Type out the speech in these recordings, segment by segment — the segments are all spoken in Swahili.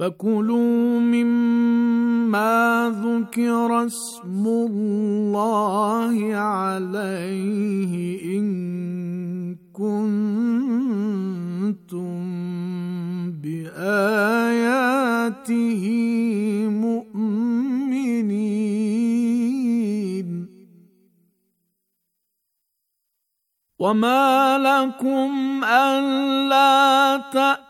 فكلوا مما ذكر اسم الله عليه إن كنتم بآياته مؤمنين وما لكم ألا تأتوا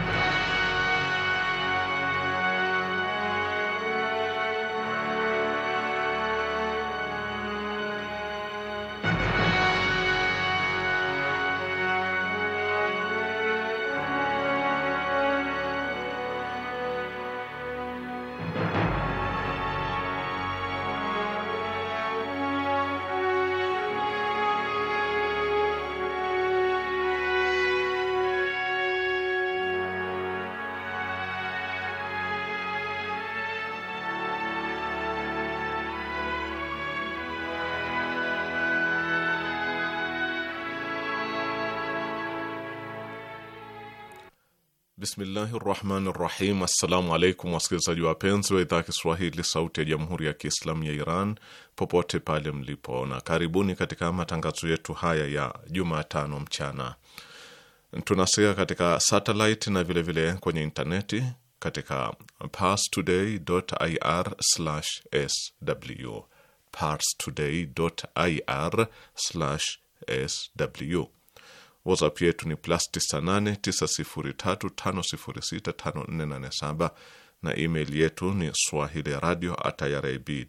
Bismillahi rahmani rahim. Assalamu alaikum wasikilizaji wapenzi wa idhaa ya Kiswahili sauti ya jamhuri ya Kiislamu ya Iran popote pale mlipo, na karibuni katika matangazo yetu haya ya Jumatano mchana. Tunasikia katika satelit na vilevile vile kwenye intaneti katika parstoday.ir/sw, parstoday.ir/sw WhatsApp yetu ni plus 989035065487 na email yetu ni swahili radio at irib ir.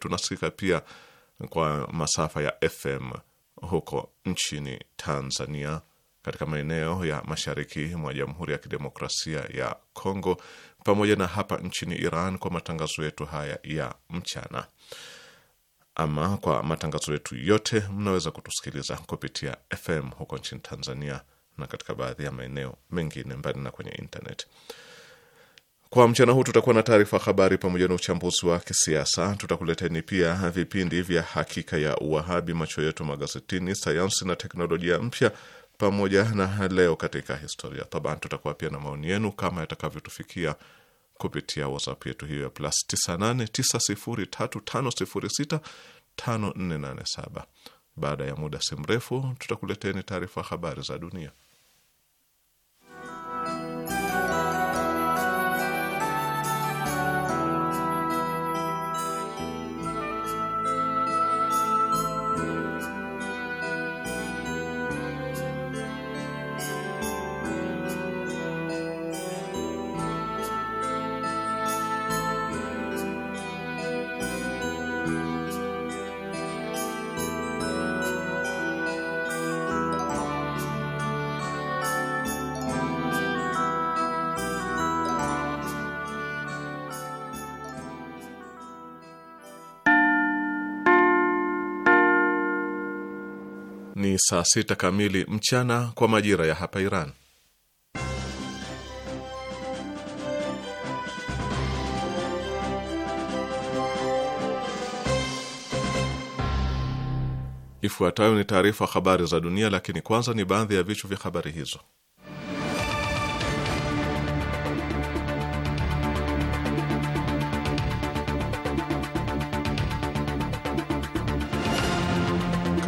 Tunasikika pia kwa masafa ya FM huko nchini Tanzania, katika maeneo ya mashariki mwa Jamhuri ya Kidemokrasia ya Kongo, pamoja na hapa nchini Iran kwa matangazo yetu haya ya mchana. Ama kwa matangazo yetu yote, mnaweza kutusikiliza kupitia FM huko nchini Tanzania na katika baadhi ya maeneo mengine, mbali na kwenye internet. Kwa mchana huu tutakuwa na taarifa habari pamoja na uchambuzi wa kisiasa. Tutakuleteni pia vipindi vya Hakika ya Uwahabi, Macho Yetu Magazetini, Sayansi na Teknolojia Mpya, pamoja na Leo katika Historia. Taban, tutakuwa pia na maoni yenu kama yatakavyotufikia kupitia WhatsApp yetu hiyo ya plus 989035065487. Baada ya muda si mrefu tutakuleteni taarifa habari za dunia. saa sita kamili mchana kwa majira ya hapa Iran. Ifuatayo ni taarifa habari za dunia, lakini kwanza ni baadhi ya vichwa vya habari hizo.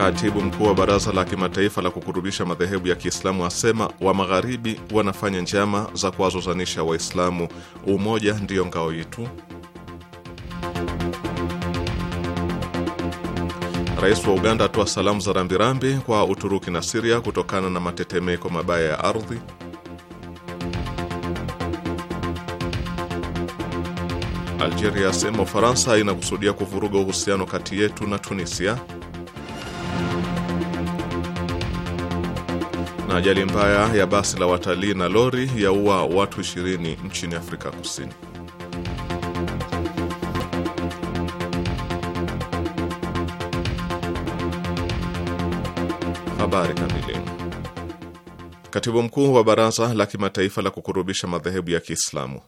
Katibu mkuu wa Baraza la Kimataifa la Kukurudisha Madhehebu ya Kiislamu asema wa Magharibi wanafanya njama za kuwazozanisha Waislamu. Umoja ndiyo ngao yetu. Rais wa Uganda atoa salamu za rambirambi kwa Uturuki na Siria kutokana na matetemeko mabaya ya ardhi. Algeria asema Ufaransa inakusudia kuvuruga uhusiano kati yetu na Tunisia. Ajali mbaya ya basi la watalii na lori yaua watu 20 nchini Afrika Kusini. Habari kamili. Katibu mkuu wa Baraza la Kimataifa la Kukurubisha Madhehebu ya Kiislamu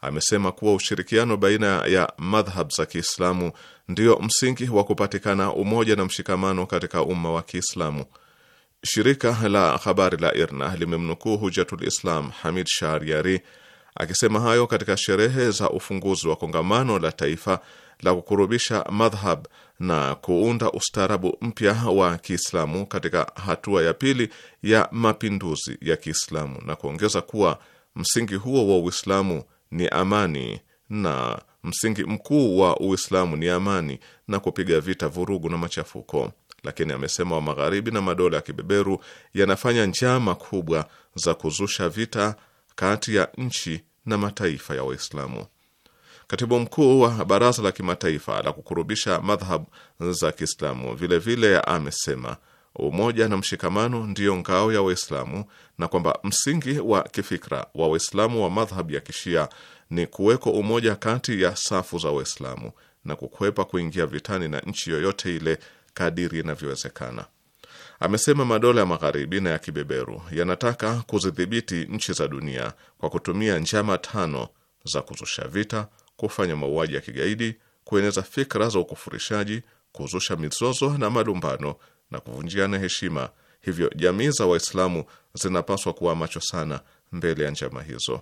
amesema kuwa ushirikiano baina ya madhhab za Kiislamu ndio msingi wa kupatikana umoja na mshikamano katika umma wa Kiislamu Shirika la habari la IRNA limemnukuu Hujatul Islam Hamid Shariari akisema hayo katika sherehe za ufunguzi wa kongamano la taifa la kukurubisha madhhab na kuunda ustaarabu mpya wa Kiislamu katika hatua ya pili ya mapinduzi ya Kiislamu na kuongeza kuwa msingi huo wa Uislamu ni amani na msingi mkuu wa Uislamu ni amani na kupiga vita vurugu na machafuko lakini amesema wa Magharibi na madola ya kibeberu yanafanya njama kubwa za kuzusha vita kati ya nchi na mataifa ya Waislamu. Katibu mkuu wa Baraza la Kimataifa la Kukurubisha Madhhab za Kiislamu vilevile amesema umoja na mshikamano ndiyo ngao ya Waislamu na kwamba msingi wa kifikra wa Waislamu wa madhhab ya Kishia ni kuweko umoja kati ya safu za Waislamu na kukwepa kuingia vitani na nchi yoyote ile kadiri inavyowezekana. Amesema madola ya magharibi na ya kibeberu yanataka kuzidhibiti nchi za dunia kwa kutumia njama tano za kuzusha vita, kufanya mauaji ya kigaidi, kueneza fikra za ukufurishaji, kuzusha mizozo na malumbano na kuvunjiana heshima. Hivyo jamii za Waislamu zinapaswa kuwa macho sana mbele ya njama hizo.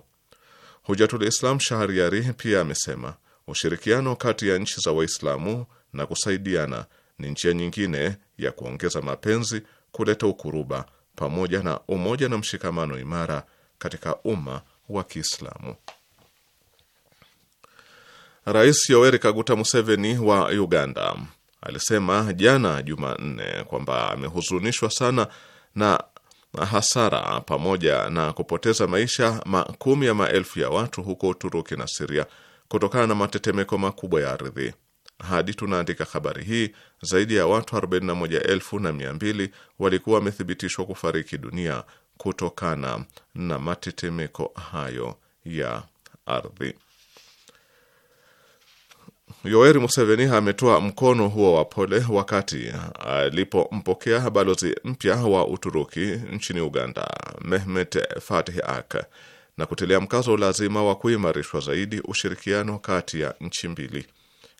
Hujatul Islam Shahriari pia amesema ushirikiano kati ya nchi za Waislamu na kusaidiana ni njia nyingine ya kuongeza mapenzi, kuleta ukuruba pamoja na umoja na mshikamano imara katika umma wa Kiislamu. Rais Yoweri Kaguta Museveni wa Uganda alisema jana Jumanne kwamba amehuzunishwa sana na hasara pamoja na kupoteza maisha makumi ya maelfu ya watu huko Uturuki na Siria kutokana na matetemeko makubwa ya ardhi hadi tunaandika habari hii, zaidi ya watu 41,200 walikuwa wamethibitishwa kufariki dunia kutokana na matetemeko hayo ya ardhi. Yoweri Museveni ametoa mkono huo wa pole wakati alipompokea balozi mpya wa Uturuki nchini Uganda, Mehmet Fatih Ak, na kutilia mkazo lazima wa kuimarishwa zaidi ushirikiano kati ya nchi mbili.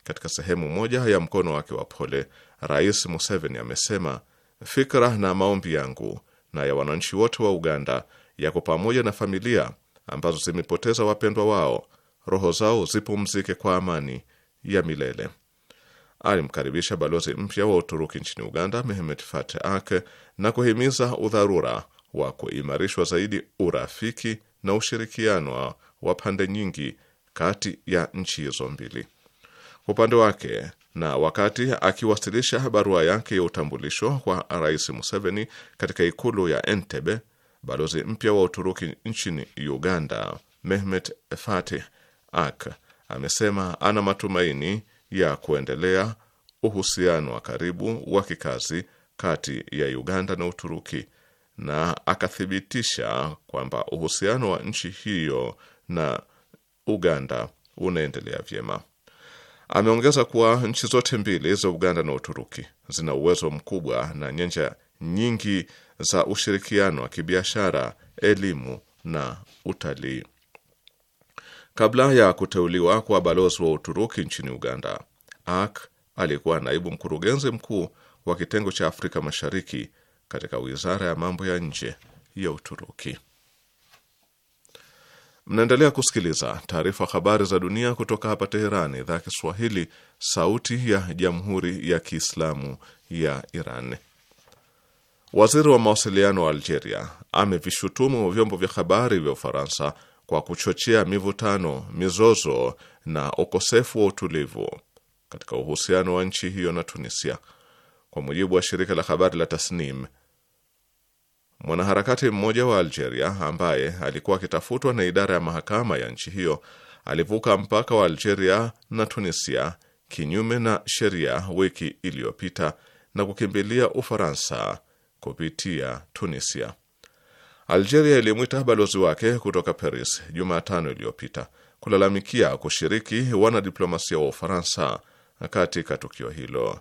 Katika sehemu moja ya mkono wake wa pole, Rais Museveni amesema fikra na maombi yangu na ya wananchi wote wa Uganda yako pamoja na familia ambazo zimepoteza wapendwa wao, roho zao zipumzike kwa amani ya milele. Alimkaribisha balozi mpya wa Uturuki nchini Uganda, Mehmet Fatih Ak, na kuhimiza udharura wa kuimarishwa zaidi urafiki na ushirikiano wa pande nyingi kati ya nchi hizo mbili. Kwa upande wake na wakati akiwasilisha barua yake ya utambulisho kwa Rais Museveni katika ikulu ya Entebbe, balozi mpya wa Uturuki nchini Uganda, Mehmet Fatih Ak, amesema ana matumaini ya kuendelea uhusiano wa karibu wa kikazi kati ya Uganda na Uturuki na akathibitisha kwamba uhusiano wa nchi hiyo na Uganda unaendelea vyema. Ameongeza kuwa nchi zote mbili za Uganda na Uturuki zina uwezo mkubwa na nyanja nyingi za ushirikiano wa kibiashara, elimu na utalii. Kabla ya kuteuliwa kwa balozi wa Uturuki nchini Uganda, Ak alikuwa naibu mkurugenzi mkuu wa kitengo cha Afrika Mashariki katika wizara ya mambo ya nje ya Uturuki. Mnaendelea kusikiliza taarifa habari za dunia kutoka hapa Teherani, idhaa ya Kiswahili, sauti ya jamhuri ya kiislamu ya Iran. Waziri wa mawasiliano wa Algeria amevishutumu vyombo vya habari vya Ufaransa kwa kuchochea mivutano, mizozo na ukosefu wa utulivu katika uhusiano wa nchi hiyo na Tunisia. Kwa mujibu wa shirika la habari la Tasnim, Mwanaharakati mmoja wa Algeria ambaye alikuwa akitafutwa na idara ya mahakama ya nchi hiyo alivuka mpaka wa Algeria na Tunisia kinyume na sheria wiki iliyopita na kukimbilia Ufaransa kupitia Tunisia. Algeria ilimwita balozi wake kutoka Paris Jumatano iliyopita kulalamikia kushiriki wanadiplomasia wa Ufaransa katika tukio hilo.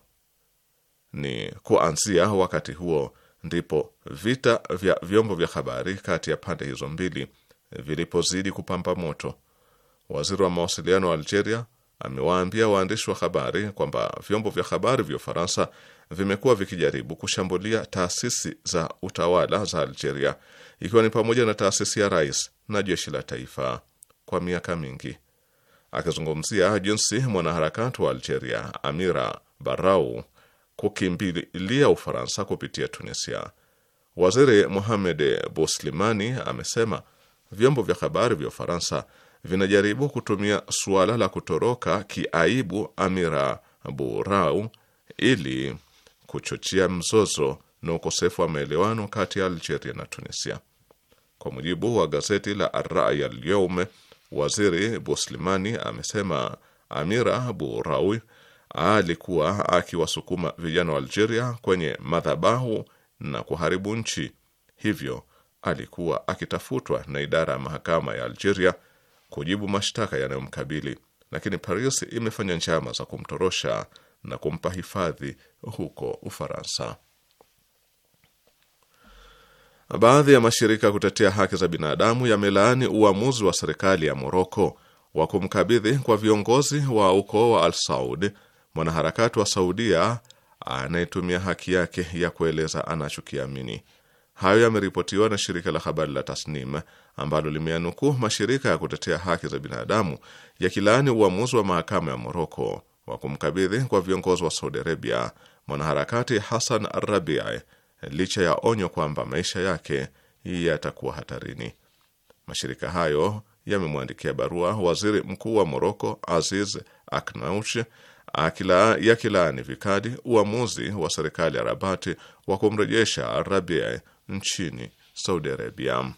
Ni kuanzia wakati huo ndipo vita vya vyombo vya habari kati ya pande hizo mbili vilipozidi kupamba moto. Waziri wa mawasiliano wa Algeria amewaambia waandishi wa habari kwamba vyombo vya habari vya Ufaransa vimekuwa vikijaribu kushambulia taasisi za utawala za Algeria, ikiwa ni pamoja na taasisi ya rais na jeshi la taifa kwa miaka mingi. Akizungumzia jinsi mwanaharakati wa Algeria Amira Barau kukimbilia Ufaransa kupitia Tunisia. Waziri Mohamed buslimani amesema vyombo vya habari vya Ufaransa vinajaribu kutumia suala la kutoroka kiaibu Amira Burau ili kuchochea mzozo na ukosefu wa maelewano kati ya Algeria na Tunisia. Kwa mujibu wa gazeti la arai Alyoume, waziri buslimani amesema Amira burau alikuwa akiwasukuma vijana wa Algeria kwenye madhabahu na kuharibu nchi, hivyo alikuwa akitafutwa na idara ya mahakama ya Algeria kujibu mashtaka yanayomkabili, lakini Paris imefanya njama za kumtorosha na kumpa hifadhi huko Ufaransa. Baadhi ya mashirika ya kutetea haki za binadamu yamelaani uamuzi wa serikali ya Moroko wa kumkabidhi kwa viongozi wa ukoo wa Al Saud mwanaharakati wa Saudia anayetumia haki yake ya kueleza anachokiamini. Hayo yameripotiwa na shirika la habari la Tasnim ambalo limeanukuu mashirika ya kutetea haki za binadamu yakilaani uamuzi wa mahakama ya Moroko wa kumkabidhi kwa viongozi wa Saudi Arabia mwanaharakati Hasan Rabii licha ya onyo kwamba maisha yake yatakuwa hatarini. Mashirika hayo yamemwandikia barua waziri mkuu wa Moroko Aziz Aknauch akila ni vikali uamuzi wa serikali ya Rabati wa kumrejesha Rabia nchini Saudi Arabia.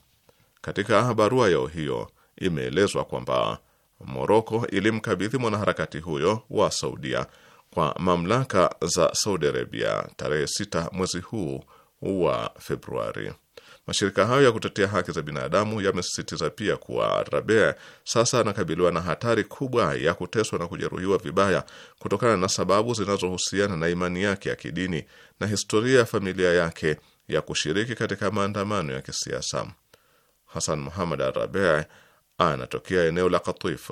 Katika barua yao hiyo imeelezwa kwamba Moroko ilimkabidhi mwanaharakati huyo wa Saudia kwa mamlaka za Saudi Arabia tarehe 6 mwezi huu wa Februari. Mashirika hayo ya kutetea haki za binadamu yamesisitiza pia kuwa Rabea sasa anakabiliwa na hatari kubwa ya kuteswa na kujeruhiwa vibaya kutokana na sababu zinazohusiana na imani yake ya kidini na historia ya familia yake ya kushiriki katika maandamano ya kisiasa. Hasan Muhamad Arabea anatokea eneo la Katif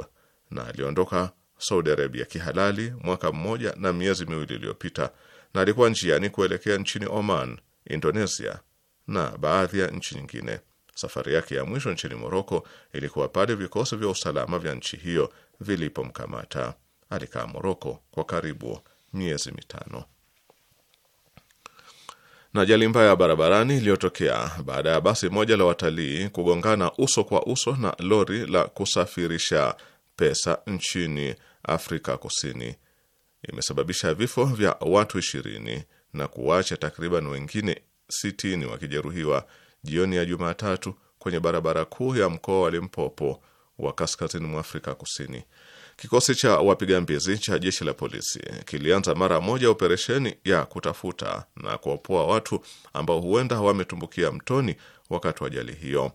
na aliondoka Saudi Arabia kihalali mwaka mmoja na miezi miwili iliyopita na alikuwa njiani kuelekea nchini Oman, Indonesia na baadhi ya nchi nyingine. Safari yake ya mwisho nchini Moroko ilikuwa pale vikosi vya usalama vya nchi hiyo vilipomkamata. Alikaa Moroko kwa karibu miezi mitano. Na ajali mbaya ya barabarani iliyotokea baada ya basi moja la watalii kugongana uso kwa uso na lori la kusafirisha pesa nchini Afrika Kusini imesababisha vifo vya watu ishirini na kuwacha takriban wengine sitini wakijeruhiwa jioni ya Jumatatu kwenye barabara kuu ya mkoa wa Limpopo wa kaskazini mwa Afrika Kusini. Kikosi cha wapiga mbizi cha jeshi la polisi kilianza mara moja operesheni ya kutafuta na kuopoa watu ambao huenda wametumbukia mtoni wakati wa ajali hiyo.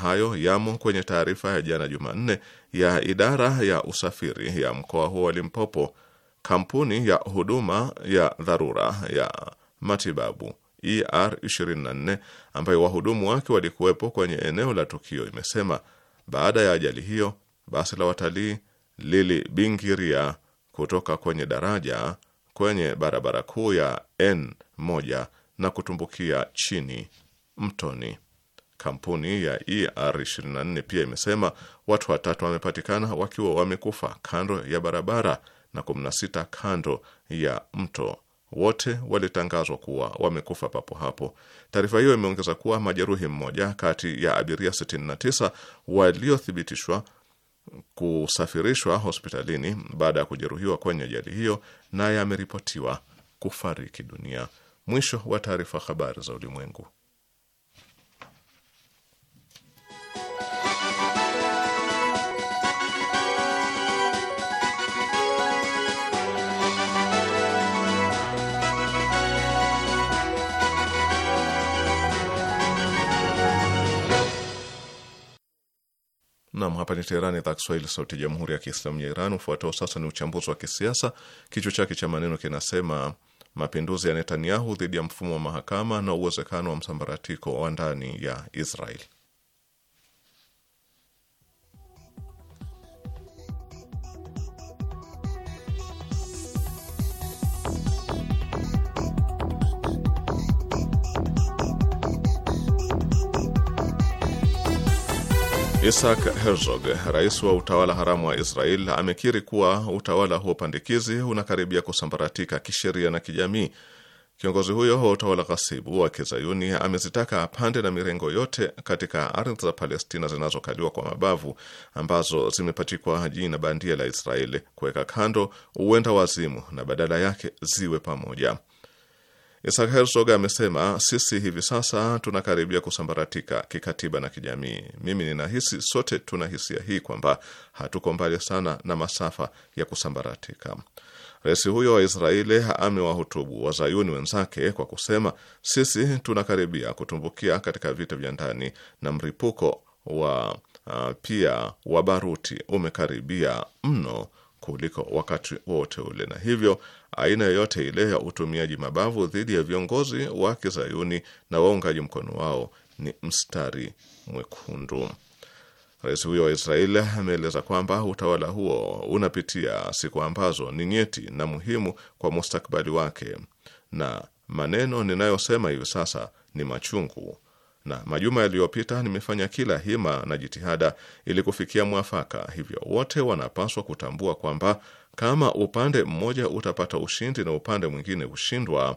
Hayo yamo kwenye taarifa ya jana Jumanne ya idara ya usafiri ya mkoa huo wa Limpopo. Kampuni ya huduma ya dharura ya matibabu ER24 ambayo wahudumu wake walikuwepo kwenye eneo la tukio imesema baada ya ajali hiyo basi la watalii lilibingiria kutoka kwenye daraja kwenye barabara kuu ya N1 na kutumbukia chini mtoni. Kampuni ya ER24 pia imesema watu watatu wamepatikana wakiwa wamekufa kando ya barabara na 16 kando ya mto wote walitangazwa kuwa wamekufa papo hapo. Taarifa hiyo imeongeza kuwa majeruhi mmoja kati ya abiria 69 waliothibitishwa kusafirishwa hospitalini baada ya kujeruhiwa kwenye ajali hiyo naye ameripotiwa kufariki dunia. Mwisho wa taarifa. Habari za Ulimwengu. Nam, hapa ni Teherani, idhaa Kiswahili, sauti ya jamhuri ya kiislamu ya Iran. Ufuatao sasa ni uchambuzi wa kisiasa, kichwa chake cha maneno kinasema mapinduzi ya Netanyahu dhidi ya mfumo wa mahakama na uwezekano wa msambaratiko wa ndani ya Israeli. Isaac Herzog, rais wa utawala haramu wa Israel, amekiri kuwa utawala huo pandikizi unakaribia kusambaratika kisheria na kijamii. Kiongozi huyo wa utawala ghasibu wa kizayuni amezitaka pande na mirengo yote katika ardhi za Palestina zinazokaliwa kwa mabavu ambazo zimepachikwa jina bandia la Israeli kuweka kando uwenda wazimu na badala yake ziwe pamoja. Isaac Herzog amesema sisi hivi sasa tunakaribia kusambaratika kikatiba na kijamii. Mimi ninahisi sote tuna hisia hii kwamba hatuko mbali sana na masafa ya kusambaratika. Rais huyo wa Israeli amewahutubu wazayuni wenzake kwa kusema sisi tunakaribia kutumbukia katika vita vya ndani na mripuko wa uh, pia wa baruti umekaribia mno kuliko wakati wote ule, na hivyo aina yoyote ile ya utumiaji mabavu dhidi ya viongozi wa kizayuni na waungaji mkono wao ni mstari mwekundu. Rais huyo wa Israeli ameeleza kwamba utawala huo unapitia siku ambazo ni nyeti na muhimu kwa mustakabali wake, na maneno ninayosema hivi sasa ni machungu, na majuma yaliyopita nimefanya kila hima na jitihada ili kufikia mwafaka. Hivyo wote wanapaswa kutambua kwamba kama upande mmoja utapata ushindi na upande mwingine kushindwa,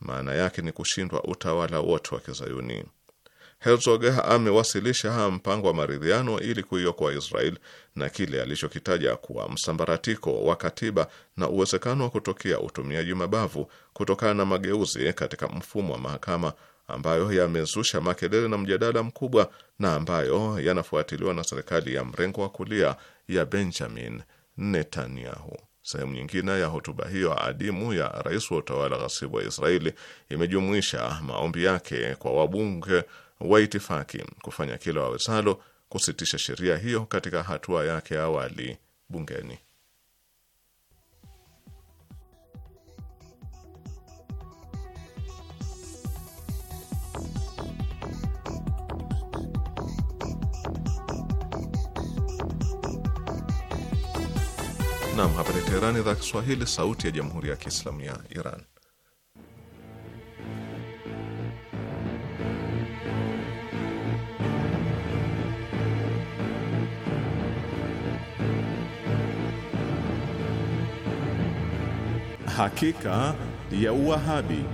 maana yake ni kushindwa utawala wote wa Kizayuni. Herzog amewasilisha haa mpango wa maridhiano ili kuiokoa Israel na kile alichokitaja kuwa msambaratiko wa katiba na uwezekano wa kutokea utumiaji mabavu kutokana na mageuzi katika mfumo wa mahakama ambayo yamezusha makelele na mjadala mkubwa na ambayo yanafuatiliwa na serikali ya mrengo wa kulia ya Benjamin Netanyahu. Sehemu nyingine ya hotuba hiyo adimu ya rais wa utawala ghasibu wa Israeli imejumuisha maombi yake kwa wabunge wa itifaki kufanya kila wawezalo kusitisha sheria hiyo katika hatua yake awali bungeni. hapa ni Teheran, idhaa Kiswahili, sauti ya jamhuri ya kiislamu ya Iran. Hakika ya Uwahabi.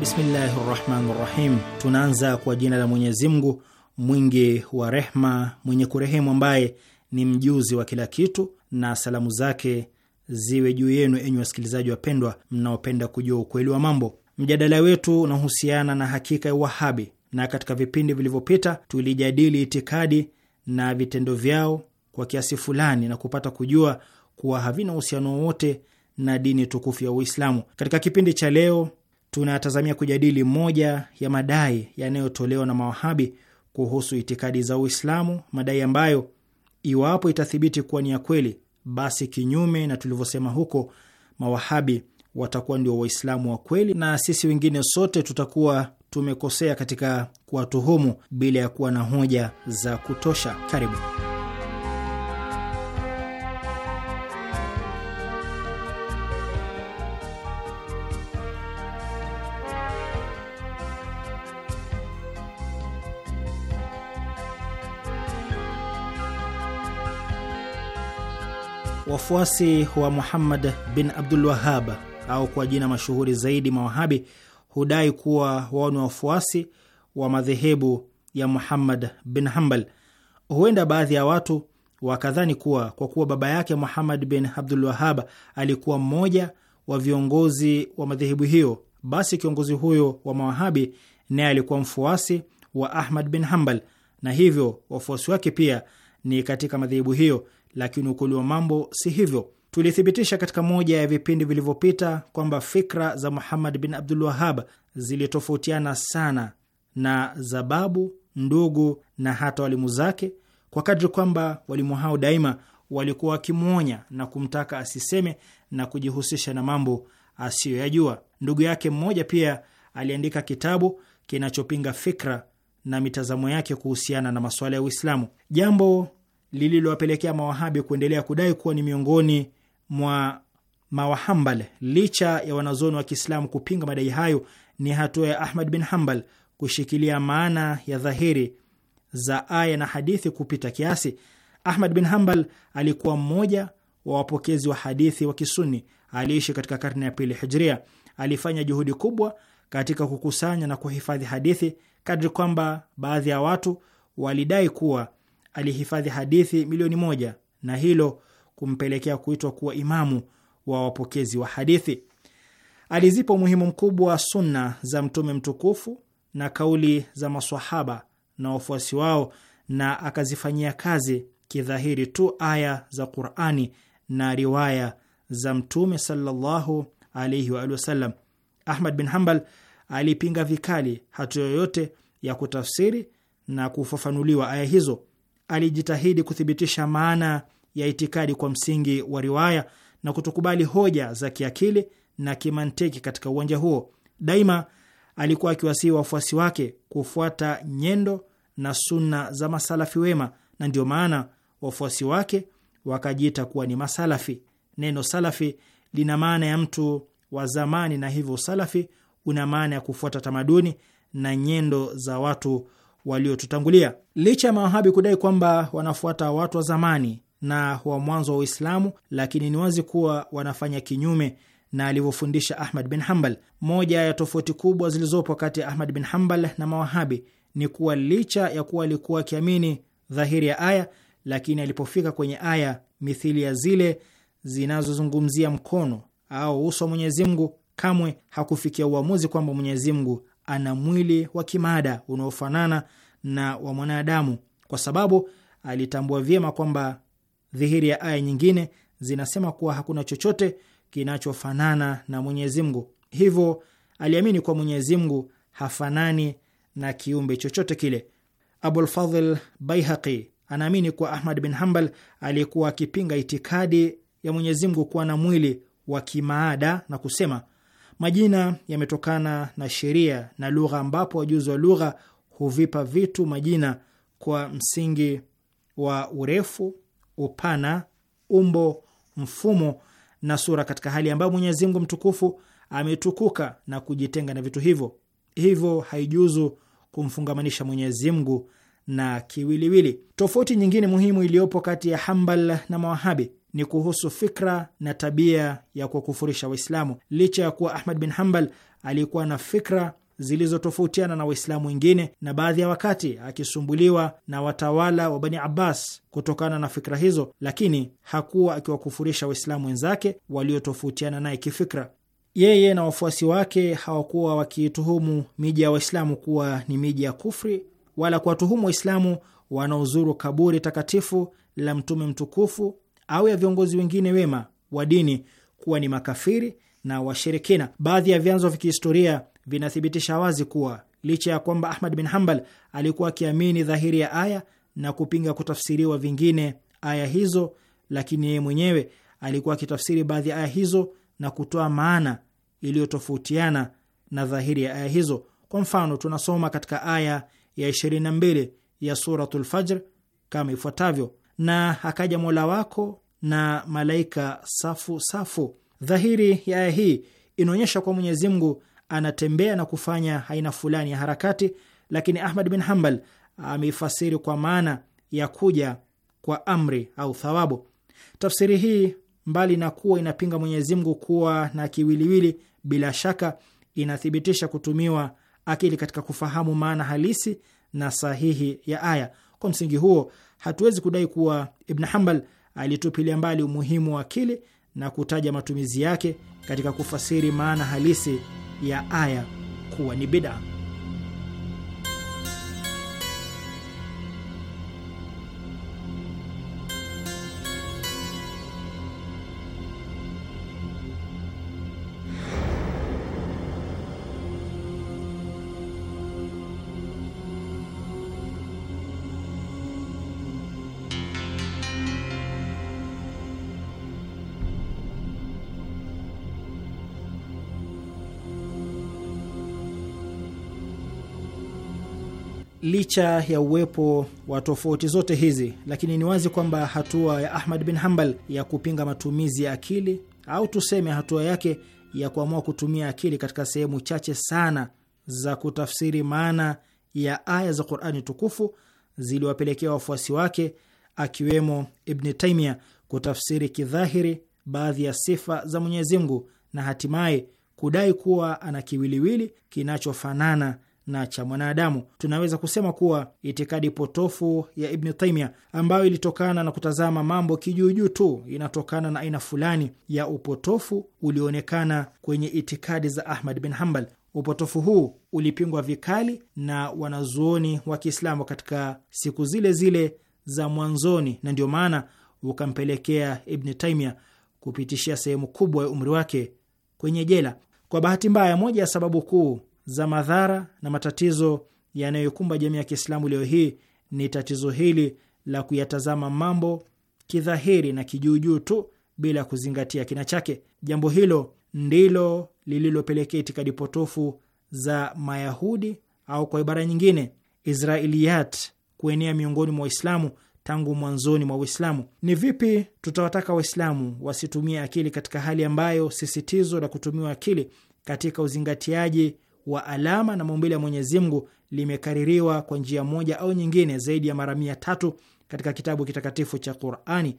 Bismillahi rahmani rahim. Tunaanza kwa jina la Mwenyezi Mungu mwingi wa rehma, mwenye kurehemu, ambaye ni mjuzi wa kila kitu, na salamu zake ziwe juu yenu, enyi wasikilizaji wapendwa, mnaopenda kujua ukweli wa mambo. Mjadala wetu unahusiana na hakika ya Wahabi, na katika vipindi vilivyopita tulijadili itikadi na vitendo vyao kwa kiasi fulani na kupata kujua kuwa havina uhusiano wowote na dini tukufu ya Uislamu. Katika kipindi cha leo tunatazamia kujadili moja ya madai yanayotolewa na mawahabi kuhusu itikadi za Uislamu, madai ambayo iwapo itathibiti kuwa ni ya kweli, basi kinyume na tulivyosema huko, mawahabi watakuwa ndio Waislamu wa kweli na sisi wengine sote tutakuwa tumekosea katika kuwatuhumu bila ya kuwa na hoja za kutosha. Karibu. Wafuasi wa Muhammad bin Abdul Wahab au kwa jina mashuhuri zaidi Mawahabi hudai kuwa wao ni wafuasi wa madhehebu ya Muhammad bin Hambal. Huenda baadhi ya watu wakadhani kuwa kwa kuwa baba yake Muhammad bin Abdul Wahab alikuwa mmoja wa viongozi wa madhehebu hiyo, basi kiongozi huyo wa Mawahabi naye alikuwa mfuasi wa Ahmad bin Hambal, na hivyo wafuasi wake pia ni katika madhehebu hiyo lakini ukweli wa mambo si hivyo. Tulithibitisha katika moja ya vipindi vilivyopita kwamba fikra za Muhammad bin Abdul Wahab zilitofautiana sana na za babu, ndugu na hata walimu zake, kwa kadri kwamba walimu hao daima walikuwa wakimwonya na kumtaka asiseme na kujihusisha na mambo asiyoyajua. Ndugu yake mmoja pia aliandika kitabu kinachopinga fikra na mitazamo yake kuhusiana na masuala ya Uislamu. Jambo lililowapelekea mawahabi kuendelea kudai kuwa ni miongoni mwa mawahambal licha ya wanazoni wa Kiislamu kupinga madai hayo. Ni hatua ya Ahmad bin Hambal kushikilia maana ya dhahiri za aya na hadithi kupita kiasi. Ahmad bin Hambal alikuwa mmoja wa wapokezi wa hadithi wa Kisuni. Aliishi katika karne ya pili Hijria. Alifanya juhudi kubwa katika kukusanya na kuhifadhi hadithi kadri kwamba baadhi ya watu walidai kuwa alihifadhi hadithi milioni moja na hilo kumpelekea kuitwa kuwa imamu wa wapokezi wa hadithi. Alizipa umuhimu mkubwa wa sunna za Mtume mtukufu na kauli za maswahaba na wafuasi wao na akazifanyia kazi kidhahiri tu aya za Qur'ani na riwaya za Mtume sallallahu wa Ahmad bin Hambal alipinga vikali hatua yoyote ya kutafsiri na kufafanuliwa aya hizo alijitahidi kuthibitisha maana ya itikadi kwa msingi wa riwaya na kutokubali hoja za kiakili na kimantiki katika uwanja huo. Daima alikuwa akiwasihi wafuasi wake kufuata nyendo na sunna za masalafi wema, na ndio maana wafuasi wake wakajiita kuwa ni masalafi. Neno salafi lina maana ya mtu wa zamani, na hivyo salafi una maana ya kufuata tamaduni na nyendo za watu waliotutangulia. Licha ya mawahabi kudai kwamba wanafuata watu wa zamani na wa mwanzo wa Uislamu, lakini ni wazi kuwa wanafanya kinyume na alivyofundisha Ahmad bin Hambal. Moja ya tofauti kubwa zilizopo kati ya Ahmad bin Hambal na mawahabi ni kuwa licha ya kuwa alikuwa akiamini dhahiri ya aya, lakini alipofika kwenye aya mithili ya zile zinazozungumzia mkono au uso wa Mwenyezi Mungu, kamwe hakufikia uamuzi kwamba Mwenyezi Mungu ana mwili wa kimada unaofanana na wa mwanadamu, kwa sababu alitambua vyema kwamba dhihiri ya aya nyingine zinasema kuwa hakuna chochote kinachofanana na Mwenyezi Mungu. Hivyo aliamini kuwa Mwenyezi Mungu hafanani na kiumbe chochote kile. Abulfadhl Baihaqi anaamini kuwa Ahmad bin Hambal aliyekuwa akipinga itikadi ya Mwenyezi Mungu kuwa na mwili wa kimaada na kusema majina yametokana na sheria na lugha, ambapo wajuzi wa lugha huvipa vitu majina kwa msingi wa urefu, upana, umbo, mfumo na sura, katika hali ambayo Mwenyezi Mungu mtukufu ametukuka na kujitenga na vitu hivyo. Hivyo haijuzu kumfungamanisha Mwenyezi Mungu na kiwiliwili. Tofauti nyingine muhimu iliyopo kati ya Hambal na Mawahabi ni kuhusu fikra na tabia ya kuwakufurisha Waislamu. Licha ya kuwa Ahmad bin Hambal alikuwa na fikra zilizotofautiana na Waislamu wengine, na baadhi ya wakati akisumbuliwa na watawala wa Bani Abbas kutokana na fikra hizo, lakini hakuwa akiwakufurisha Waislamu wenzake waliotofautiana naye kifikra. Yeye na wafuasi wake hawakuwa wakiituhumu miji ya Waislamu kuwa ni miji ya kufri wala kuwatuhumu Waislamu wanaozuru kaburi takatifu la Mtume mtukufu au ya viongozi wengine wema wa dini kuwa ni makafiri na washirikina. Baadhi ya vyanzo vya kihistoria vinathibitisha wazi kuwa licha ya kwamba Ahmad bin hambal alikuwa akiamini dhahiri ya aya na kupinga kutafsiriwa vingine aya hizo, lakini yeye mwenyewe alikuwa akitafsiri baadhi ya aya hizo na kutoa maana iliyotofautiana na dhahiri ya aya hizo. Kwa mfano, tunasoma katika aya ya 22 ya Suratul Fajr kama ifuatavyo: na akaja Mola wako na malaika safu safu. Dhahiri ya aya hii inaonyesha kwa Mwenyezi Mungu anatembea na kufanya aina fulani ya harakati, lakini Ahmad bin Hambal ameifasiri kwa maana ya kuja kwa amri au thawabu. Tafsiri hii mbali na kuwa inapinga Mwenyezi Mungu kuwa na kiwiliwili, bila shaka inathibitisha kutumiwa akili katika kufahamu maana halisi na sahihi ya aya. Kwa msingi huo, hatuwezi kudai kuwa Ibn Hambal alitupilia mbali umuhimu wa akili na kutaja matumizi yake katika kufasiri maana halisi ya aya kuwa ni bid'a. Licha ya uwepo wa tofauti zote hizi, lakini ni wazi kwamba hatua ya Ahmad bin Hanbal ya kupinga matumizi ya akili au tuseme hatua yake ya kuamua kutumia akili katika sehemu chache sana za kutafsiri maana ya aya za Qur'ani tukufu ziliwapelekea wafuasi wake akiwemo Ibn Taymiyyah kutafsiri kidhahiri baadhi ya sifa za Mwenyezi Mungu na hatimaye kudai kuwa ana kiwiliwili kinachofanana na cha mwanadamu. Tunaweza kusema kuwa itikadi potofu ya Ibni Taimia ambayo ilitokana na kutazama mambo kijuujuu tu inatokana na aina fulani ya upotofu ulioonekana kwenye itikadi za Ahmad bin hambal Upotofu huu ulipingwa vikali na wanazuoni wa Kiislamu katika siku zile zile za mwanzoni, na ndio maana ukampelekea Ibni Taimia kupitishia sehemu kubwa ya umri wake kwenye jela. Kwa bahati mbaya, moja ya sababu kuu za madhara na matatizo yanayoikumba jamii ya Kiislamu leo hii ni tatizo hili la kuyatazama mambo kidhahiri na kijuujuu tu bila kuzingatia kina chake. Jambo hilo ndilo lililopelekea itikadi potofu za Mayahudi au kwa ibara nyingine Israiliyat kuenea miongoni mwa Waislamu tangu mwanzoni mwa Uislamu. Ni vipi tutawataka Waislamu wasitumie akili katika hali ambayo sisitizo la kutumiwa akili katika uzingatiaji wa alama na maumbile ya Mwenyezi Mungu limekaririwa kwa njia moja au nyingine zaidi ya mara mia tatu katika kitabu kitakatifu cha Qur'ani.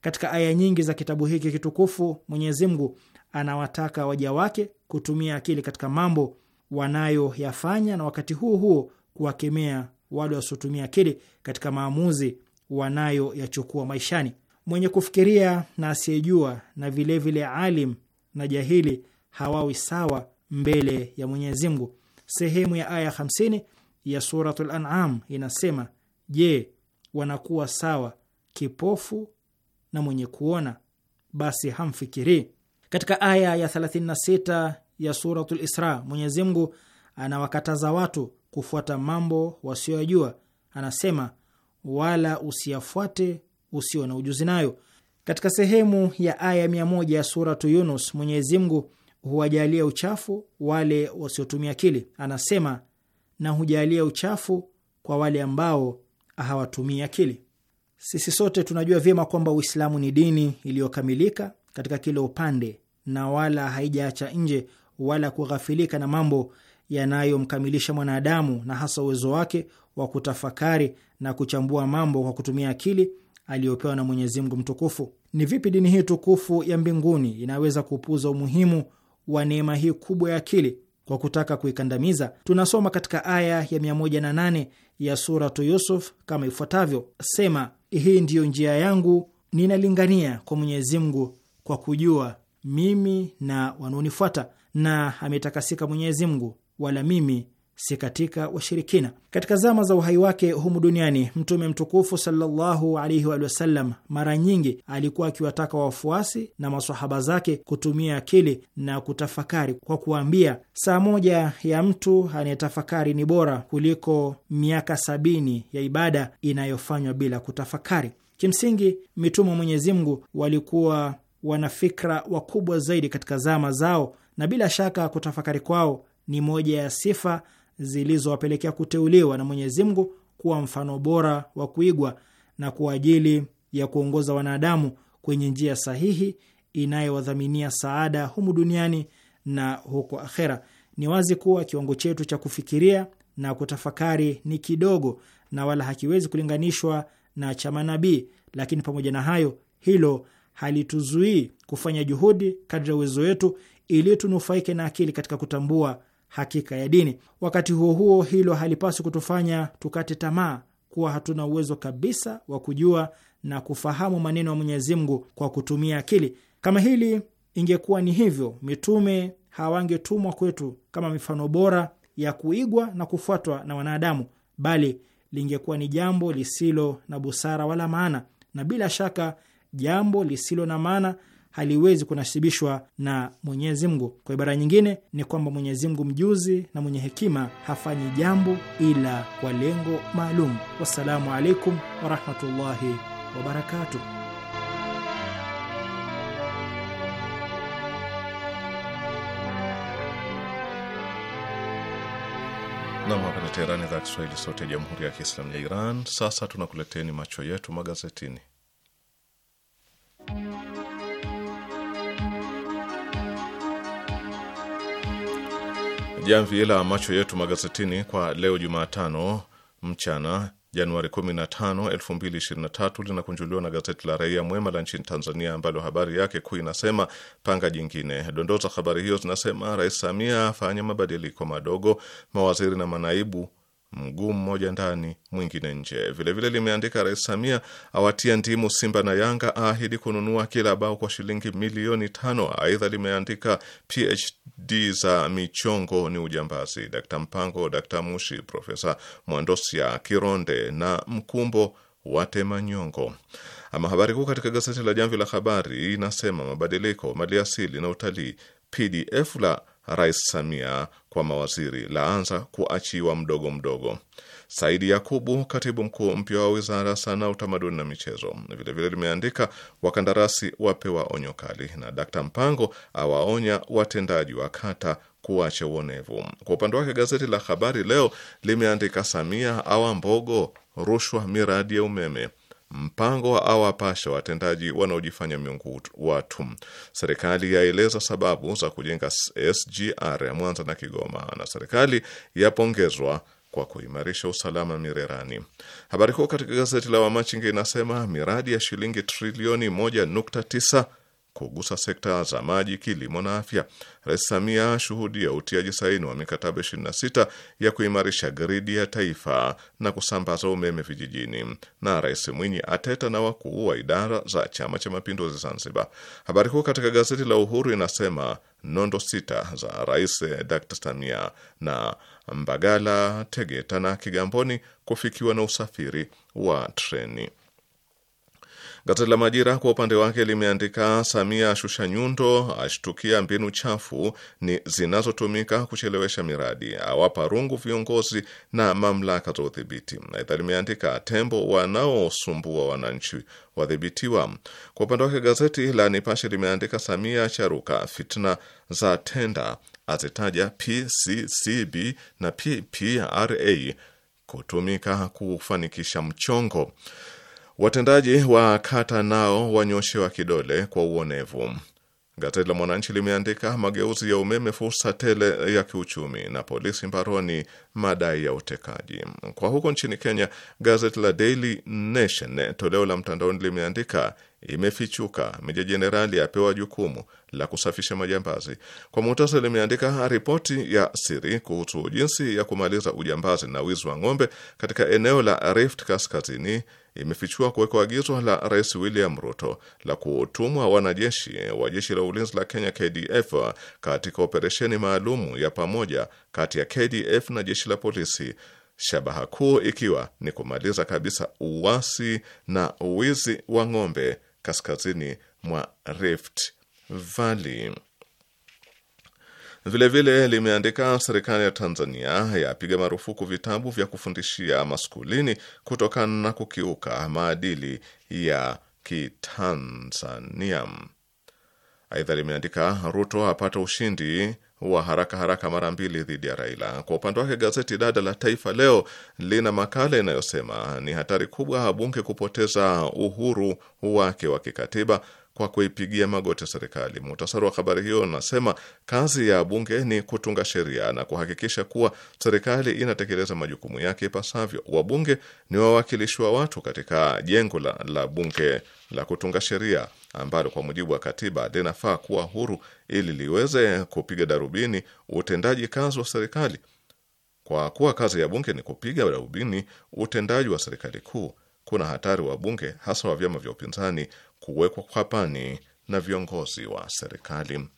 Katika aya nyingi za kitabu hiki kitukufu, Mwenyezi Mungu anawataka waja wake kutumia akili katika mambo wanayoyafanya na wakati huo huo kuwakemea wale wasiotumia akili katika maamuzi wanayoyachukua maishani. Mwenye kufikiria na asiyejua na vilevile alim na jahili hawawi sawa mbele ya Mwenyezi Mungu. Sehemu ya aya 50 ya Suratul An'am inasema, je, wanakuwa sawa kipofu na mwenye kuona? Basi hamfikirii. Katika aya ya 36 ya Suratul Isra, Mwenyezi Mungu anawakataza watu kufuata mambo wasiyoyajua. Anasema, wala usiyafuate usio na ujuzi nayo. Katika sehemu ya aya mia moja ya Suratu Yunus, Mwenyezi Mungu huwajalia uchafu wale wasiotumia akili. Anasema na hujalia uchafu kwa wale ambao hawatumii akili. Sisi sote tunajua vyema kwamba Uislamu ni dini iliyokamilika katika kila upande na wala haijaacha nje wala kughafilika na mambo yanayomkamilisha mwanadamu na hasa uwezo wake wa kutafakari na kuchambua mambo kwa kutumia akili aliyopewa na Mwenyezi Mungu mtukufu. Ni vipi dini hii tukufu ya mbinguni inaweza kupuza umuhimu wa neema hii kubwa ya akili kwa kutaka kuikandamiza. Tunasoma katika aya ya 108 ya Suratu Yusuf kama ifuatavyo: Sema, hii ndiyo njia yangu, ninalingania kwa Mwenyezi Mungu kwa kujua mimi na wanaonifuata, na ametakasika Mwenyezi Mungu, wala mimi si katika washirikina. Katika zama za uhai wake humu duniani, Mtume mtukufu sallallahu alaihi wa sallam mara nyingi alikuwa akiwataka wafuasi na masahaba zake kutumia akili na kutafakari kwa kuambia, saa moja ya mtu anayetafakari ni bora kuliko miaka sabini ya ibada inayofanywa bila kutafakari. Kimsingi, mitume wa Mwenyezi Mungu walikuwa wanafikra wakubwa zaidi katika zama zao, na bila shaka kutafakari kwao ni moja ya sifa zilizowapelekea kuteuliwa na Mwenyezi Mungu kuwa mfano bora wa kuigwa na kwa ajili ya kuongoza wanadamu kwenye njia sahihi inayowadhaminia saada humu duniani na huko akhera. Ni wazi kuwa kiwango chetu cha kufikiria na kutafakari ni kidogo na wala hakiwezi kulinganishwa na cha manabii, lakini pamoja na hayo, hilo halituzuii kufanya juhudi kadri ya uwezo wetu ili tunufaike na akili katika kutambua hakika ya dini. Wakati huo huo, hilo halipaswi kutufanya tukate tamaa kuwa hatuna uwezo kabisa wa kujua na kufahamu maneno ya Mwenyezi Mungu kwa kutumia akili. Kama hili ingekuwa ni hivyo, mitume hawangetumwa kwetu kama mifano bora ya kuigwa na kufuatwa na wanadamu, bali lingekuwa ni jambo lisilo na busara wala maana, na bila shaka jambo lisilo na maana haliwezi kunasibishwa na Mwenyezi Mungu. Kwa ibara nyingine ni kwamba Mwenyezi Mungu mjuzi na mwenye hekima hafanyi jambo ila kwa lengo maalum. Wassalamu alaikum warahmatullahi wabarakatuh. Nam, hapa ni Teherani, idhaa ya Kiswahili, sauti ya jamhuri ya kiislamu ya Iran. Sasa tunakuleteni macho yetu magazetini. jamvi la macho yetu magazetini kwa leo Jumatano mchana Januari 15, 2023 linakunjuliwa na gazeti la Raia Mwema la nchini Tanzania, ambalo habari yake kuu inasema panga jingine. Dondoo za habari hiyo zinasema Rais Samia afanya mabadiliko madogo, mawaziri na manaibu mguu mmoja ndani mwingine nje. Vilevile limeandika Rais Samia awatia ndimu Simba na Yanga, aahidi kununua kila bao kwa shilingi milioni tano. Aidha limeandika PhD za michongo ni ujambazi. Dkt Mpango, Dkt Mushi, Profesa Mwandosia, Kironde na Mkumbo watema nyongo. Ama habari kuu katika gazeti la Jamvi la Habari inasema mabadiliko, maliasili na utalii, PDF la Rais Samia kwa mawaziri laanza kuachiwa mdogo mdogo. Saidi Yakubu, katibu mkuu mpya wa wizara sanaa, utamaduni na michezo, vilevile limeandika wakandarasi wapewa onyo kali, na Dkt Mpango awaonya watendaji wa kata kuacha uonevu. Kwa upande wake gazeti la Habari Leo limeandika Samia awa mbogo rushwa miradi ya umeme mpango wa awapasha watendaji wanaojifanya miungu watu. Serikali yaeleza sababu za kujenga SGR ya Mwanza na Kigoma, na serikali yapongezwa kwa kuimarisha usalama Mirerani. Habari kuu katika gazeti la Wamachinga inasema miradi ya shilingi trilioni 1.9 kugusa sekta za maji, kilimo na afya. Rais Samia ashuhudia utiaji saini wa mikataba 26 ya kuimarisha gridi ya taifa na kusambaza umeme vijijini, na Rais Mwinyi ateta na wakuu wa idara za Chama cha Mapinduzi Zanzibar. Habari kuu katika gazeti la Uhuru inasema nondo sita za Rais d Samia na Mbagala, Tegeta na Kigamboni kufikiwa na usafiri wa treni. Gazeti la Majira kwa upande wake limeandika Samia ashusha nyundo, ashtukia mbinu chafu ni zinazotumika kuchelewesha miradi, awapa rungu viongozi na mamlaka za udhibiti. Aidha limeandika tembo wanaosumbua wananchi wadhibitiwa. Kwa upande wake gazeti la Nipashe limeandika Samia charuka, fitna za tenda, azitaja PCCB na PPRA kutumika kufanikisha mchongo. Watendaji wa kata nao wanyoshewa kidole kwa uonevu. Gazeti la Mwananchi limeandika mageuzi ya umeme fursa tele ya kiuchumi, na polisi mbaroni madai ya utekaji. Kwa huko nchini Kenya, gazeti la Daily Nation toleo la mtandaoni limeandika imefichuka, meja jenerali apewa jukumu la kusafisha majambazi. Kwa muhtasari, limeandika ripoti ya siri kuhusu jinsi ya kumaliza ujambazi na wizi wa ng'ombe katika eneo la Rift Kaskazini imefichua kuwekwa agizo la Rais William Ruto la kutumwa wanajeshi wa jeshi la ulinzi la Kenya KDF katika operesheni maalumu ya pamoja kati ya KDF na jeshi la polisi, shabaha kuu ikiwa ni kumaliza kabisa uasi na uwizi wa ng'ombe kaskazini mwa Rift Valley. Vilevile limeandika serikali ya Tanzania yapiga marufuku vitabu vya kufundishia maskulini kutokana na kukiuka maadili ya Kitanzania. Aidha limeandika Ruto apata ushindi wa haraka haraka mara mbili dhidi ya Raila. Kwa upande wake, gazeti dada la Taifa Leo lina makala inayosema ni hatari kubwa bunge kupoteza uhuru wake wa kikatiba kwa kuipigia magoti serikali. Muhtasari wa habari hiyo unasema kazi ya bunge ni kutunga sheria na kuhakikisha kuwa serikali inatekeleza majukumu yake ipasavyo. Wabunge ni wawakilishi wa watu katika jengo la, la bunge la kutunga sheria ambalo kwa mujibu wa katiba linafaa kuwa huru ili liweze kupiga darubini utendaji kazi wa serikali. Kwa kuwa kazi ya bunge ni kupiga darubini utendaji wa serikali kuu, kuna hatari wa bunge hasa wa vyama vya upinzani kuwekwa kwapani na viongozi wa serikali.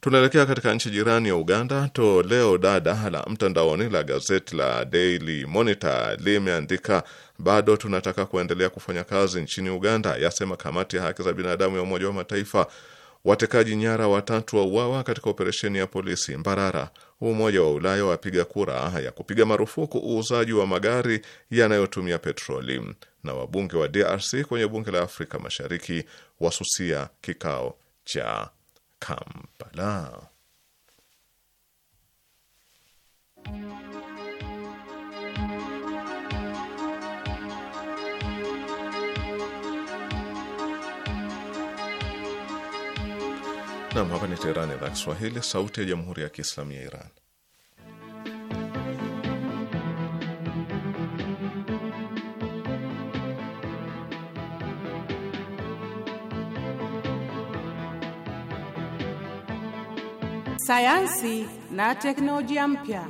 Tunaelekea katika nchi jirani ya Uganda. Toleo dada la mtandaoni la gazeti la Daily Monitor limeandika bado tunataka kuendelea kufanya kazi nchini Uganda, yasema kamati ya haki za binadamu ya Umoja wa Mataifa. Watekaji nyara watatu wa uawa katika operesheni ya polisi Mbarara. Umoja wa Ulaya wapiga kura ya kupiga marufuku uuzaji wa magari yanayotumia petroli na wabunge wa DRC kwenye bunge la Afrika Mashariki wasusia kikao cha Kampala. Nam, hapa ni Teherani, idhaa Kiswahili, sauti ya jamhuri ya kiislamu ya Iran. sayansi na teknolojia mpya.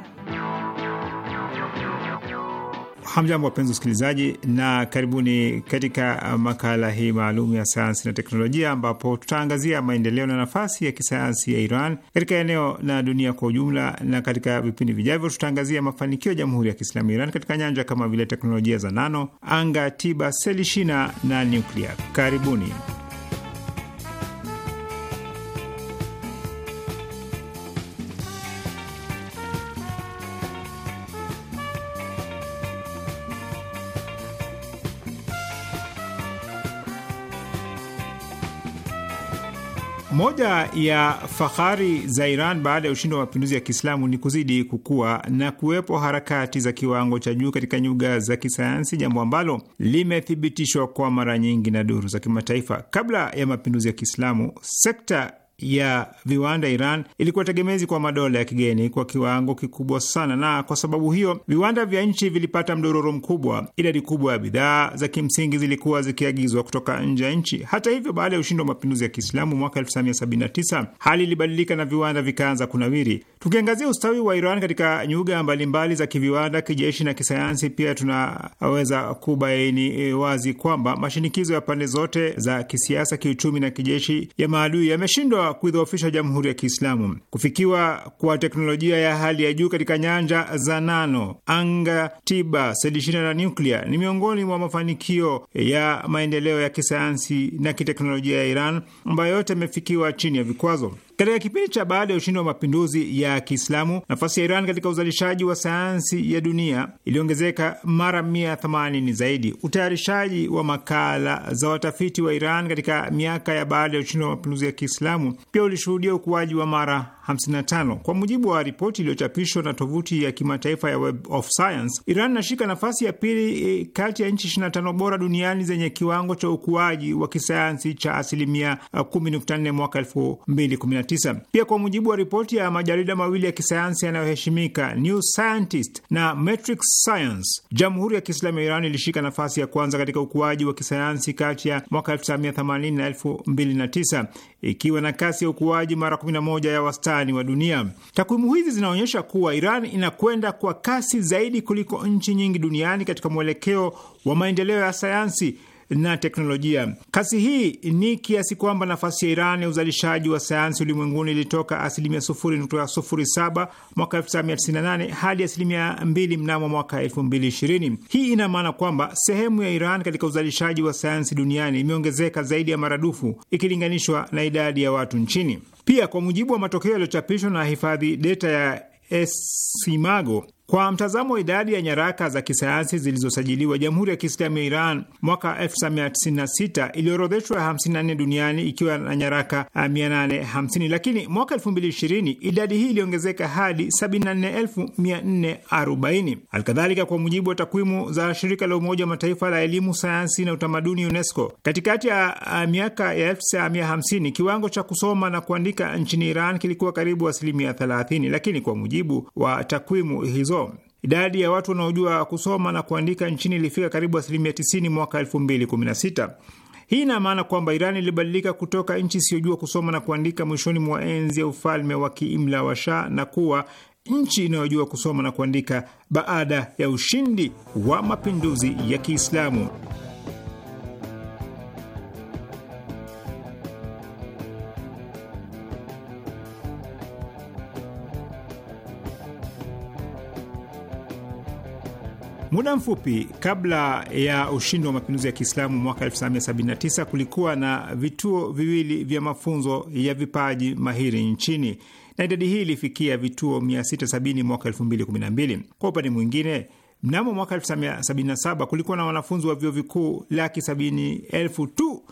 Hamjambo, wapenzi usikilizaji na karibuni katika makala hii maalum ya sayansi na teknolojia, ambapo tutaangazia maendeleo na nafasi ya kisayansi ya Iran katika eneo na dunia kwa ujumla. Na katika vipindi vijavyo, tutaangazia mafanikio ya Jamhuri ya Kiislamu ya Iran katika nyanja kama vile teknolojia za nano, anga, tiba, seli shina na nyuklia. Karibuni. Moja ya fahari za Iran baada ya ushindi wa mapinduzi ya Kiislamu ni kuzidi kukua na kuwepo harakati za kiwango cha juu katika nyuga za kisayansi, jambo ambalo limethibitishwa kwa mara nyingi na duru za kimataifa. Kabla ya mapinduzi ya Kiislamu, sekta ya viwanda Iran ilikuwa tegemezi kwa madola ya kigeni kwa kiwango kikubwa sana, na kwa sababu hiyo viwanda vya nchi vilipata mdororo mkubwa. Idadi kubwa ya bidhaa za kimsingi zilikuwa zikiagizwa kutoka nje ya nchi. Hata hivyo, baada ya ushindi wa mapinduzi ya Kiislamu mwaka 1979 hali ilibadilika na viwanda vikaanza kunawiri. Tukiangazia ustawi wa Iran katika nyuga mbalimbali mbali za kiviwanda, kijeshi na kisayansi, pia tunaweza kubaini e, wazi kwamba mashinikizo ya pande zote za kisiasa, kiuchumi na kijeshi ya maadui yameshindwa kuidhoofisha Jamhuri ya Kiislamu. Kufikiwa kwa teknolojia ya hali ya juu katika nyanja za nano, anga, tiba, selishina na nyuklia ni miongoni mwa mafanikio ya maendeleo ya kisayansi na kiteknolojia ya Iran ambayo yote yamefikiwa chini ya vikwazo. Katika kipindi cha baada ya ushindi wa mapinduzi ya Kiislamu, nafasi ya Iran katika uzalishaji wa sayansi ya dunia iliongezeka mara 180 zaidi. Utayarishaji wa makala za watafiti wa Iran katika miaka ya baada ya ushindi wa mapinduzi ya Kiislamu pia ulishuhudia ukuaji wa mara 55. Kwa mujibu wa ripoti iliyochapishwa na tovuti ya kimataifa ya Web of Science, Iran inashika nafasi ya pili e, kati ya nchi 25 bora duniani zenye kiwango cha ukuaji wa kisayansi cha asilimia 10.4 e, mwaka 2019. Pia kwa mujibu wa ripoti ya majarida mawili ya kisayansi yanayoheshimika New Scientist na Matrix Science, Jamhuri ya Kiislamu ya Iran ilishika nafasi ya kwanza katika ukuaji wa kisayansi kati ya mwaka 1980 na 2009, ikiwa na kasi ya ukuaji mara 11 ya wastani wastani wa dunia. Takwimu hizi zinaonyesha kuwa Iran inakwenda kwa kasi zaidi kuliko nchi nyingi duniani katika mwelekeo wa maendeleo ya sayansi na teknolojia. Kasi hii ni kiasi kwamba nafasi ya Iran ya uzalishaji wa sayansi ulimwenguni ilitoka asilimia 0.07 mwaka 1998 hadi asilimia 2 mnamo mwaka 2020. Hii ina maana kwamba sehemu ya Iran katika uzalishaji wa sayansi duniani imeongezeka zaidi ya maradufu ikilinganishwa na idadi ya watu nchini. Pia kwa mujibu wa matokeo yaliyochapishwa na hifadhi data ya Esimago kwa mtazamo wa idadi ya nyaraka za kisayansi zilizosajiliwa, Jamhuri ya Kiislamu ya Iran mwaka 1996 iliorodheshwa 54 duniani ikiwa na nyaraka 850, ah, lakini mwaka 2020 idadi hii iliongezeka hadi 74440. Alkadhalika, kwa mujibu wa takwimu za shirika la Umoja wa Mataifa la elimu, sayansi na utamaduni UNESCO, katikati ya ah, miaka ya 1950 kiwango cha kusoma na kuandika nchini Iran kilikuwa karibu asilimia 30, lakini kwa mujibu wa takwimu hizo hizo. Idadi ya watu wanaojua kusoma na kuandika nchini ilifika karibu asilimia 90 mwaka 2016. Hii ina maana kwamba Iran ilibadilika kutoka nchi isiyojua kusoma na kuandika mwishoni mwa enzi ya ufalme wa kiimla wa Shah na kuwa nchi inayojua kusoma na kuandika baada ya ushindi wa mapinduzi ya Kiislamu. Muda mfupi kabla ya ushindi wa mapinduzi ya Kiislamu mwaka 1979 kulikuwa na vituo viwili vya mafunzo ya vipaji mahiri nchini na idadi hii ilifikia vituo 670 mwaka 2012. Kwa upande mwingine, mnamo mwaka 1977 kulikuwa na wanafunzi wa vyuo vikuu laki 7 elfu tu